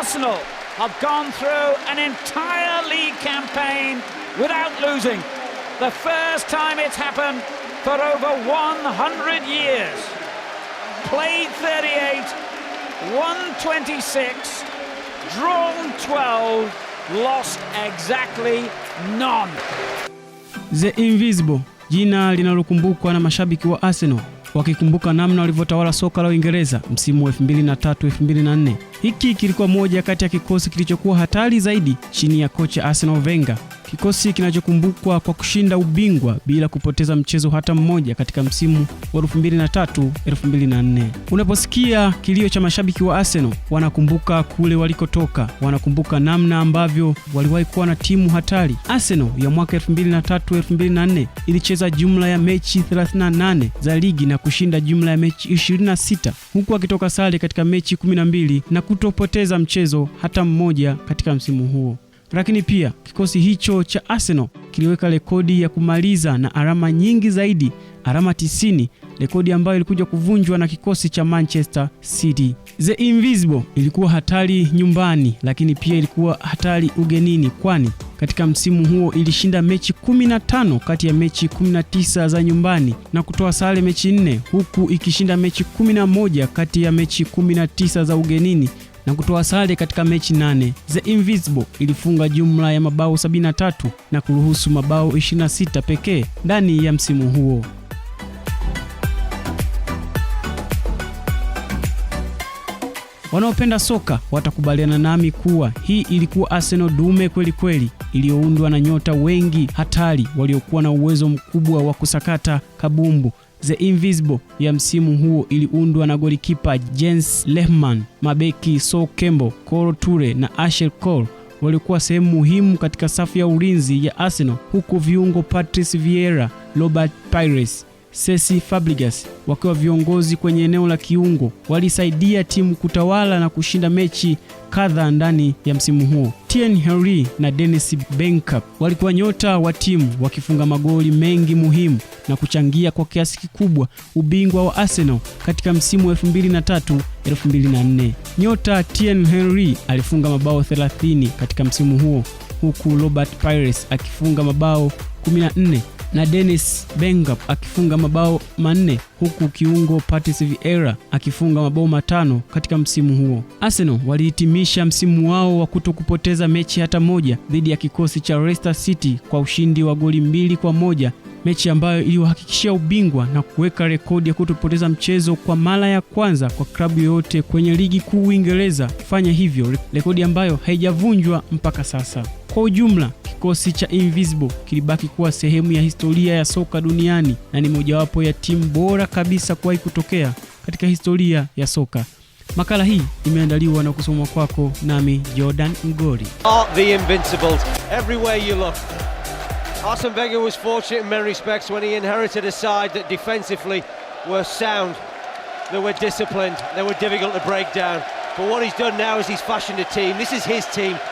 Arsenal have gone through an entire league campaign without losing. The first time it's happened for over 100 years. Played 38, won 26, drawn 12, lost exactly none. The Invisible, jina linalokumbukwa na mashabiki wa Arsenal wakikumbuka namna walivyotawala soka la Uingereza msimu wa 2003-2004. Hiki kilikuwa moja kati ya kikosi kilichokuwa hatari zaidi chini ya kocha Arsenal Wenger kikosi kinachokumbukwa kwa kushinda ubingwa bila kupoteza mchezo hata mmoja katika msimu wa 2003 2004. Unaposikia kilio cha mashabiki wa Arsenal, wanakumbuka kule walikotoka, wanakumbuka namna ambavyo waliwahi kuwa na timu hatari. Arsenal ya mwaka 2003 2004 ilicheza jumla ya mechi 38 za ligi na kushinda jumla ya mechi 26 huku akitoka sare katika mechi 12 na kutopoteza mchezo hata mmoja katika msimu huo. Lakini pia kikosi hicho cha Arsenal kiliweka rekodi ya kumaliza na alama nyingi zaidi, alama 90, rekodi ambayo ilikuja kuvunjwa na kikosi cha Manchester City. The Invisible ilikuwa hatari nyumbani, lakini pia ilikuwa hatari ugenini, kwani katika msimu huo ilishinda mechi 15 kati ya mechi 19 za nyumbani na kutoa sare mechi 4 huku ikishinda mechi 11 kati ya mechi 19 za ugenini na kutoa sare katika mechi nane. The Invisible ilifunga jumla ya mabao 73 na kuruhusu mabao 26 pekee ndani ya msimu huo. Wanaopenda soka watakubaliana nami kuwa hii ilikuwa Arsenal dume kweli kweli, iliyoundwa na nyota wengi hatari waliokuwa na uwezo mkubwa wa kusakata kabumbu The Invisible ya msimu huo iliundwa na golikipa Jens Lehmann, mabeki Sol Kembo, Colo Ture na ashel Cole walikuwa sehemu muhimu katika safu ya ulinzi ya Arsenal, huku viungo Patrice Vieira, Robert Pires Cesc Fabregas wakiwa viongozi kwenye eneo la kiungo walisaidia timu kutawala na kushinda mechi kadhaa ndani ya msimu huo. Tien Henry na Dennis Bergkamp walikuwa nyota wa timu wakifunga magoli mengi muhimu na kuchangia kwa kiasi kikubwa ubingwa wa Arsenal katika msimu wa 2003 2004. Nyota Tien Henry alifunga mabao 30 katika msimu huo huku Robert Pires akifunga mabao 14 na Dennis Bengap akifunga mabao manne huku kiungo Patrice Vieira akifunga mabao matano katika msimu huo. Arsenal walihitimisha msimu wao wa kutokupoteza mechi hata moja dhidi ya kikosi cha Leicester City kwa ushindi wa goli mbili kwa moja mechi ambayo iliwahakikishia ubingwa na kuweka rekodi ya kutopoteza mchezo kwa mara ya kwanza kwa klabu yoyote kwenye ligi kuu Uingereza kufanya hivyo, rekodi ambayo haijavunjwa mpaka sasa. Kwa ujumla Kikosi cha Invisible kilibaki kuwa sehemu ya historia ya soka duniani na ni mojawapo ya timu bora kabisa kuwahi kutokea katika historia ya soka. Makala hii imeandaliwa na kusomwa kwako nami Jordan Mgori. The Invincibles everywhere you look. Arsene Wenger was fortunate in many respects when he inherited a side that defensively were sound. They were disciplined, they were difficult to break down. But what he's done now is he's fashioned a team. This is his team.